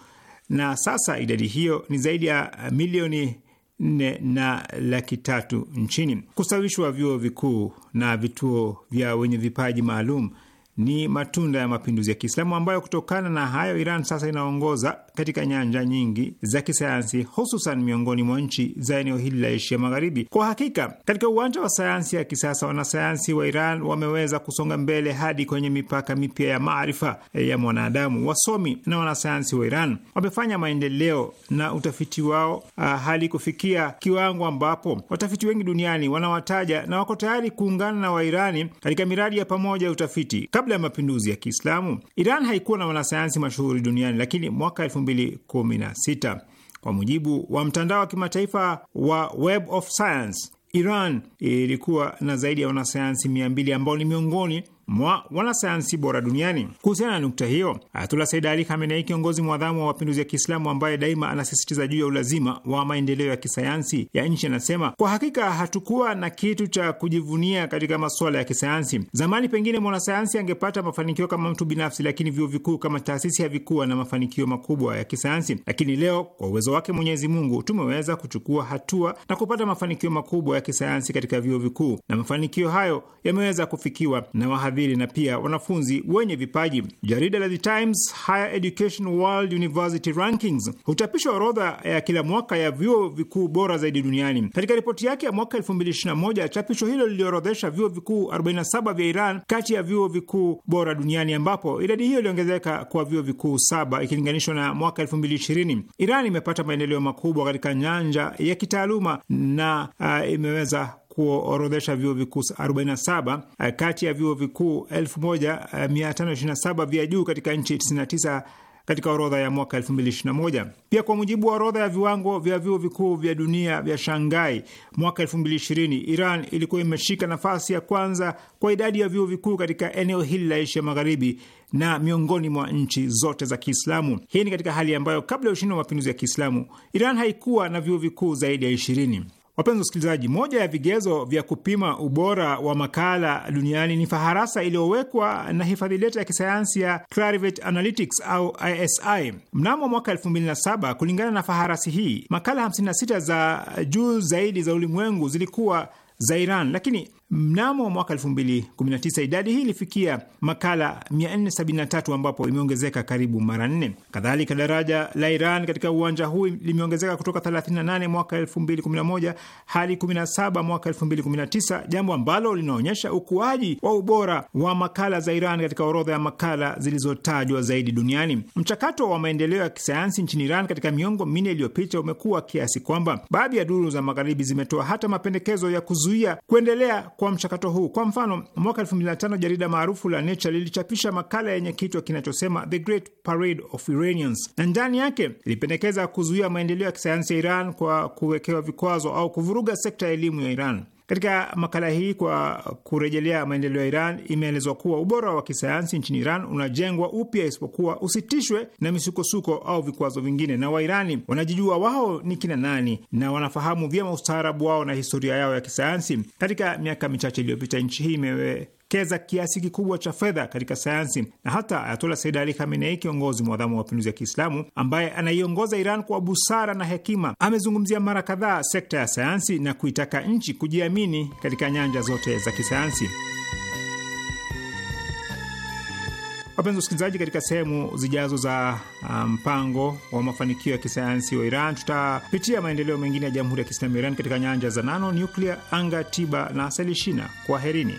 na sasa idadi hiyo ni zaidi ya milioni nne na laki tatu nchini. kusawishwa vyuo vikuu na vituo vya wenye vipaji maalum ni matunda ya mapinduzi ya Kiislamu ambayo kutokana na hayo Iran sasa inaongoza katika nyanja nyingi za kisayansi, hususan miongoni mwa nchi za eneo hili la Asia Magharibi. Kwa hakika, katika uwanja wa sayansi ya kisasa wanasayansi wa Iran wameweza kusonga mbele hadi kwenye mipaka mipya ya maarifa ya mwanadamu. Wasomi na wanasayansi wa Iran wamefanya maendeleo na utafiti wao uh, ah, hali kufikia kiwango ambapo watafiti wengi duniani wanawataja na wako tayari kuungana na Wairani katika miradi ya pamoja ya utafiti kabla ya mapinduzi ya Kiislamu. Iran haikuwa na wanasayansi mashuhuri duniani, lakini mwaka 2016 kwa mujibu wa mtandao wa kimataifa wa Web of Science, Iran ilikuwa na zaidi ya wanasayansi 200 ambao ni miongoni mwa wanasayansi bora duniani. Kuhusiana na nukta hiyo, Ayatullah Said Ali Khamenei, kiongozi mwadhamu wa mapinduzi ya Kiislamu ambaye daima anasisitiza juu ya ulazima wa maendeleo ya kisayansi ya nchi, anasema kwa hakika hatukuwa na kitu cha kujivunia katika masuala ya kisayansi. Zamani pengine mwanasayansi angepata mafanikio kama mtu binafsi, lakini vyuo vikuu kama taasisi havikuwa na mafanikio makubwa ya kisayansi. Lakini leo kwa uwezo wake Mwenyezi Mungu tumeweza kuchukua hatua na kupata mafanikio makubwa ya kisayansi katika vyuo vikuu, na mafanikio hayo yameweza kufikiwa na wahadhi wahadhiri na pia wanafunzi wenye vipaji. Jarida la The Times Higher Education World University Rankings huchapisha orodha ya kila mwaka ya vyuo vikuu bora zaidi duniani. Katika ripoti yake ya mwaka 2021 chapisho hilo liliorodhesha vyuo vikuu 47 vya Iran kati ya vyuo vikuu bora duniani, ambapo idadi hiyo iliongezeka kwa vyuo vikuu saba ikilinganishwa na mwaka 2020. Iran imepata maendeleo makubwa katika nyanja ya kitaaluma na uh, imeweza kuorodhesha vyuo vikuu 47 eh, kati ya vyuo vikuu 1527 vya juu katika nchi 99 katika orodha ya mwaka 2021. Pia kwa mujibu wa orodha ya viwango vya vyuo vikuu vya dunia vya Shanghai mwaka 2020, Iran ilikuwa imeshika nafasi ya kwanza kwa idadi ya vyuo vikuu katika eneo hili la Asia Magharibi na miongoni mwa nchi zote za Kiislamu. Hii ni katika hali ambayo kabla ya ushindi wa mapinduzi ya Kiislamu Iran haikuwa na vyuo vikuu zaidi ya ishirini. Wapenzi wasikilizaji, moja ya vigezo vya kupima ubora wa makala duniani ni faharasa iliyowekwa na hifadhi leta ya kisayansi ya Clarivate Analytics au ISI mnamo mwaka 2007. Kulingana na faharasi hii, makala 56 za juu zaidi za ulimwengu zilikuwa za Iran, lakini Mnamo mwaka 2019 idadi hii ilifikia makala 473 ambapo imeongezeka karibu mara nne. Kadhalika, daraja la Iran katika uwanja huu limeongezeka kutoka 38 mwaka 2011 hadi 17 mwaka 2019, jambo ambalo linaonyesha ukuaji wa ubora wa makala za Iran katika orodha ya makala zilizotajwa zaidi duniani. Mchakato wa maendeleo ya kisayansi nchini Iran katika miongo minne iliyopita umekuwa kiasi kwamba baadhi ya duru za magharibi zimetoa hata mapendekezo ya kuzuia kuendelea kwa mchakato huu. Kwa mfano, mwaka 2005 jarida maarufu la Nature lilichapisha makala yenye kichwa kinachosema The Great Parade of Iranians, na ndani yake ilipendekeza kuzuia maendeleo ya kisayansi ya Iran kwa kuwekewa vikwazo au kuvuruga sekta ya elimu ya Iran. Katika makala hii kwa kurejelea maendeleo ya Iran, imeelezwa kuwa ubora wa kisayansi nchini Iran unajengwa upya, isipokuwa usitishwe na misukosuko au vikwazo vingine, na Wairani wanajijua wao ni kina nani na wanafahamu vyema ustaarabu wao na historia yao ya kisayansi. Katika miaka michache iliyopita, nchi hii imewe keza kiasi kikubwa cha fedha katika sayansi na hata Ayatola Said Ali Khamenei, kiongozi mwadhamu wa mapinduzi ya Kiislamu ambaye anaiongoza Iran kwa busara na hekima, amezungumzia mara kadhaa sekta ya sayansi na kuitaka nchi kujiamini katika nyanja zote za kisayansi. Wapenzi wasikilizaji, katika sehemu zijazo za ah, mpango um, wa mafanikio ya kisayansi wa Iran tutapitia maendeleo mengine ya Jamhuri ya Kiislamu ya Iran katika nyanja za nano, nyuklia, anga, tiba na selishina. Kwaherini.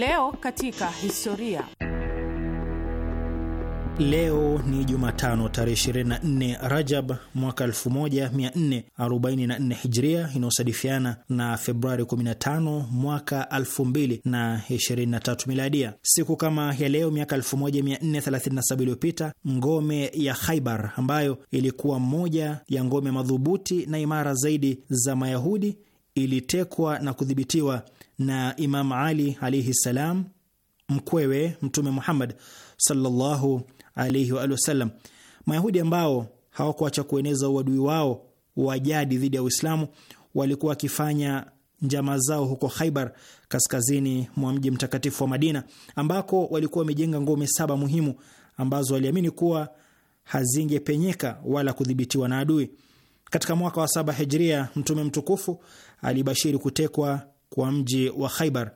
Leo katika historia. Leo ni Jumatano tarehe 24 Rajab mwaka 1444 Hijria, inayosadifiana na Februari 15 mwaka 2023 Miladia. Siku kama ya leo miaka 1437 iliyopita, ngome ya Khaibar ambayo ilikuwa moja ya ngome madhubuti na imara zaidi za Mayahudi ilitekwa na kudhibitiwa na Imam Ali alaihi ssalam, mkwewe Mtume Muhammad sallallahu alaihi wa sallam. Mayahudi ambao hawakuacha kueneza uadui wao wa jadi dhidi ya Uislamu walikuwa wakifanya njama zao huko Khaibar, kaskazini mwa mji mtakatifu wa Madina, ambako walikuwa wamejenga ngome saba muhimu ambazo waliamini kuwa hazingepenyeka wala kudhibitiwa na adui. Katika mwaka wa saba Hijria, Mtume mtukufu alibashiri kutekwa kwa mji wa Khaibar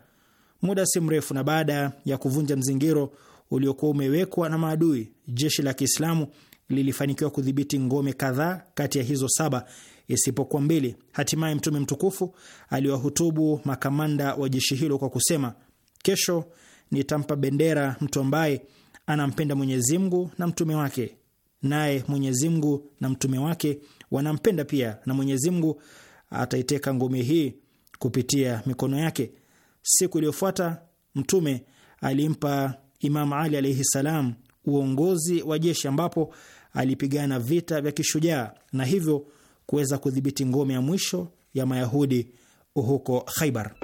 muda si mrefu. Na baada ya kuvunja mzingiro uliokuwa umewekwa na maadui, jeshi la Kiislamu lilifanikiwa kudhibiti ngome kadhaa kati ya hizo saba isipokuwa mbili. Hatimaye Mtume mtukufu aliwahutubu makamanda wa jeshi hilo kwa kusema, kesho nitampa bendera mtu ambaye anampenda Mwenyezi Mungu na mtume wake, naye Mwenyezi Mungu na mtume wake wanampenda pia, na Mwenyezi Mungu ataiteka ngome hii kupitia mikono yake. Siku iliyofuata Mtume alimpa Imam Ali alaihi salam uongozi wa jeshi ambapo alipigana vita vya kishujaa na hivyo kuweza kudhibiti ngome ya mwisho ya Mayahudi huko Khaibar.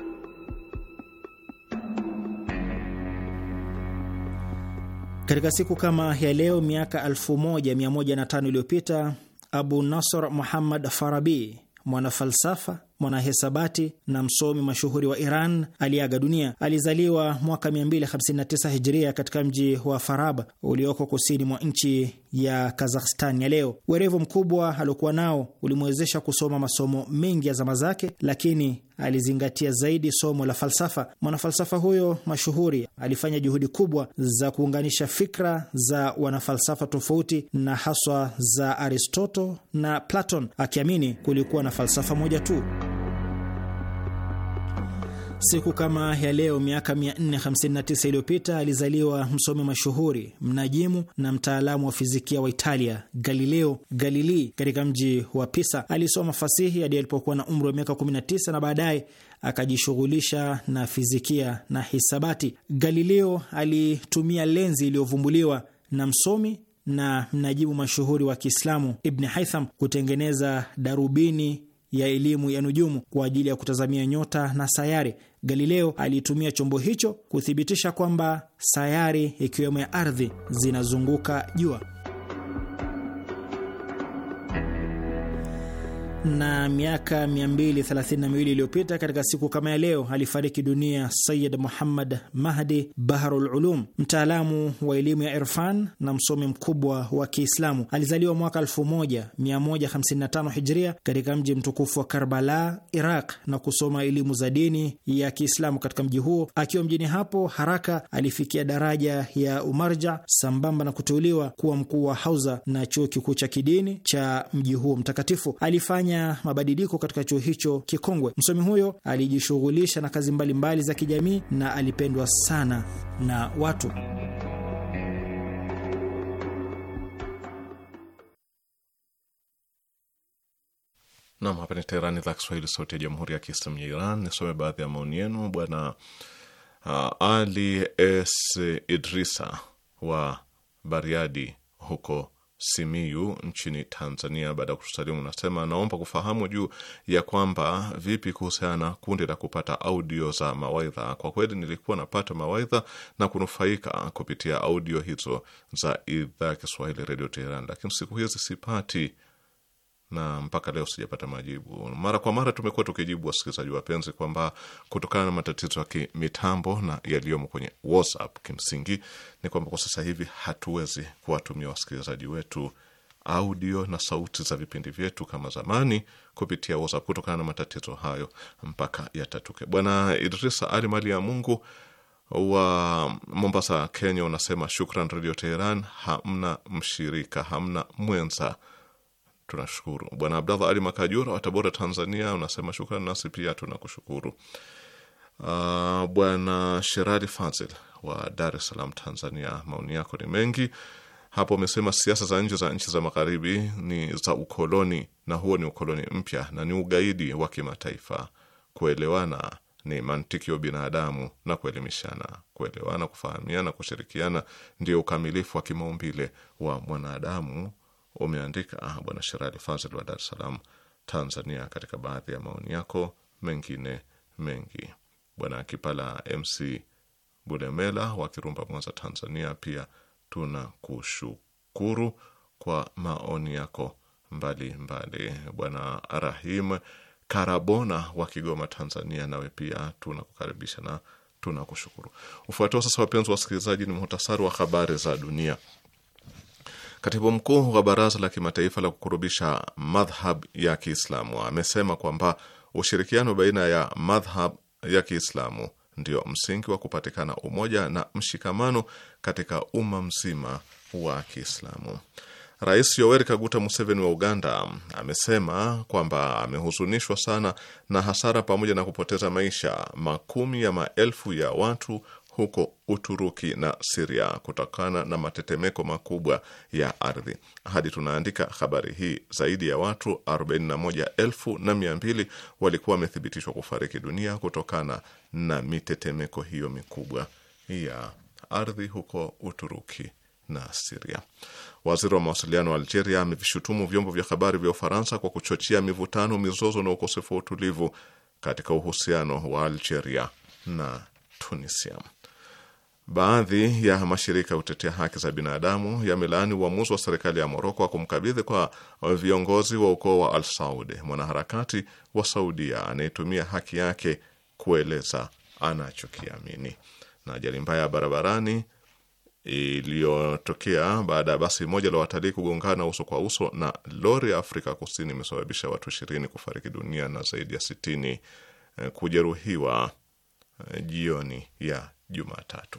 Katika siku kama ya leo miaka 115 iliyopita Abu Nasr Muhammad Farabi mwanafalsafa mwanahesabati na msomi mashuhuri wa Iran aliyeaga dunia. Alizaliwa mwaka 259 Hijiria katika mji wa Farab ulioko kusini mwa nchi ya Kazakhstan ya leo. Werevu mkubwa aliokuwa nao ulimwezesha kusoma masomo mengi ya zama zake, lakini alizingatia zaidi somo la falsafa. Mwanafalsafa huyo mashuhuri alifanya juhudi kubwa za kuunganisha fikra za wanafalsafa tofauti na haswa za Aristoto na Platon, akiamini kulikuwa na falsafa moja tu. Siku kama ya leo miaka 459 iliyopita alizaliwa msomi mashuhuri, mnajimu na mtaalamu wa fizikia wa Italia, Galileo Galilei katika mji wa Pisa. Alisoma fasihi hadi alipokuwa na umri wa miaka 19 na baadaye akajishughulisha na fizikia na hisabati. Galileo alitumia lenzi iliyovumbuliwa na msomi na mnajimu mashuhuri wa Kiislamu Ibni Haitham kutengeneza darubini ya elimu ya nujumu kwa ajili ya kutazamia nyota na sayari. Galileo alitumia chombo hicho kuthibitisha kwamba sayari ikiwemo ya ardhi zinazunguka jua. na miaka 232 iliyopita katika siku kama ya leo alifariki dunia Sayid Muhammad Mahdi Baharul Ulum, mtaalamu wa elimu ya irfan na msomi mkubwa wa Kiislamu. Alizaliwa mwaka 1155 Hijria katika mji mtukufu wa Karbala, Iraq, na kusoma elimu za dini ya Kiislamu katika mji huo. Akiwa mjini hapo, haraka alifikia daraja ya umarja, sambamba na kuteuliwa kuwa mkuu wa hauza na chuo kikuu cha kidini cha mji huo mtakatifu. Alifanya kufanya mabadiliko katika chuo hicho kikongwe. Msomi huyo alijishughulisha na kazi mbalimbali mbali za kijamii na alipendwa sana na watu. Nam, hapa ni Teherani, idhaa Kiswahili, sauti ya jamhuri ya kiislamu ya Iran. Nisome baadhi ya maoni yenu. Bwana uh, Ali S Idrisa wa Bariadi huko Simiyu nchini Tanzania. Baada ya kutusalimu, nasema naomba kufahamu juu ya kwamba vipi kuhusiana na kundi la kupata audio za mawaidha. Kwa kweli nilikuwa napata mawaidha na kunufaika kupitia audio hizo za idhaa ya Kiswahili Redio Teheran, lakini siku hizi sipati na mpaka leo sijapata majibu. Mara kwa mara tumekuwa tukijibu wasikilizaji wapenzi kwamba kutokana na matatizo ya kimitambo na yaliyomo kwenye WhatsApp, kimsingi ni kwamba kwa sasa hivi hatuwezi kuwatumia wasikilizaji wetu audio na sauti za vipindi vyetu kama zamani kupitia WhatsApp kutokana na matatizo hayo mpaka yatatuke. Bwana Idrisa Ali Mali ya Mungu wa Mombasa, Kenya, unasema shukran Radio Teheran, hamna mshirika, hamna mwenza Tunashukuru. Bwana Abdallah Ali Makajura wa Tabora, Tanzania, unasema shukran, nasi pia tunakushukuru. Uh, Bwana Sherali Fazil wa Dar es Salaam, Tanzania, maoni yako ni mengi hapo. Umesema siasa za nje za nchi za magharibi ni za ukoloni, na huo ni ukoloni mpya na ni ugaidi wa kimataifa. Kuelewana ni mantiki ya binadamu na kuelimishana, kuelewana, kufahamiana, kushirikiana ndio ukamilifu wa kimaumbile wa mwanadamu umeandika ah, Bwana Sherali Fazil wa Dar es Salaam, Tanzania, katika baadhi ya maoni yako mengine mengi. Bwana Kipala MC Bulemela wa Kirumba, Mwanza, Tanzania, pia tuna kushukuru kwa maoni yako mbalimbali. Bwana Rahim Karabona wa Kigoma, Tanzania, nawe pia tunakukaribisha na tunakushukuru. Ufuatao sasa, wapenzi wasikilizaji, ni muhtasari wa habari za dunia. Katibu mkuu wa Baraza la Kimataifa la Kukurubisha Madhhab ya Kiislamu amesema kwamba ushirikiano baina ya madhhab ya Kiislamu ndio msingi wa kupatikana umoja na mshikamano katika umma mzima wa Kiislamu. Rais Yoweri Kaguta Museveni wa Uganda amesema kwamba amehuzunishwa sana na hasara pamoja na kupoteza maisha makumi ya maelfu ya watu huko Uturuki na Siria kutokana na matetemeko makubwa ya ardhi. Hadi tunaandika habari hii, zaidi ya watu 41,200 walikuwa wamethibitishwa kufariki dunia kutokana na mitetemeko hiyo mikubwa ya ardhi huko Uturuki na Siria. Waziri wa mawasiliano wa Algeria amevishutumu vyombo vya habari vya Ufaransa kwa kuchochea mivutano, mizozo na ukosefu wa utulivu katika uhusiano wa Algeria na Tunisia. Baadhi ya mashirika ya kutetea haki za binadamu yamelaani uamuzi wa serikali ya Moroko wa kumkabidhi kwa viongozi wa ukoo wa Al Saud mwanaharakati wa Saudia anayetumia haki yake kueleza anachokiamini. Na ajali mbaya ya barabarani iliyotokea baada ya basi moja la watalii kugongana uso kwa uso na lori ya Afrika Kusini imesababisha watu ishirini kufariki dunia na zaidi ya sitini eh, kujeruhiwa eh, jioni ya Jumatatu.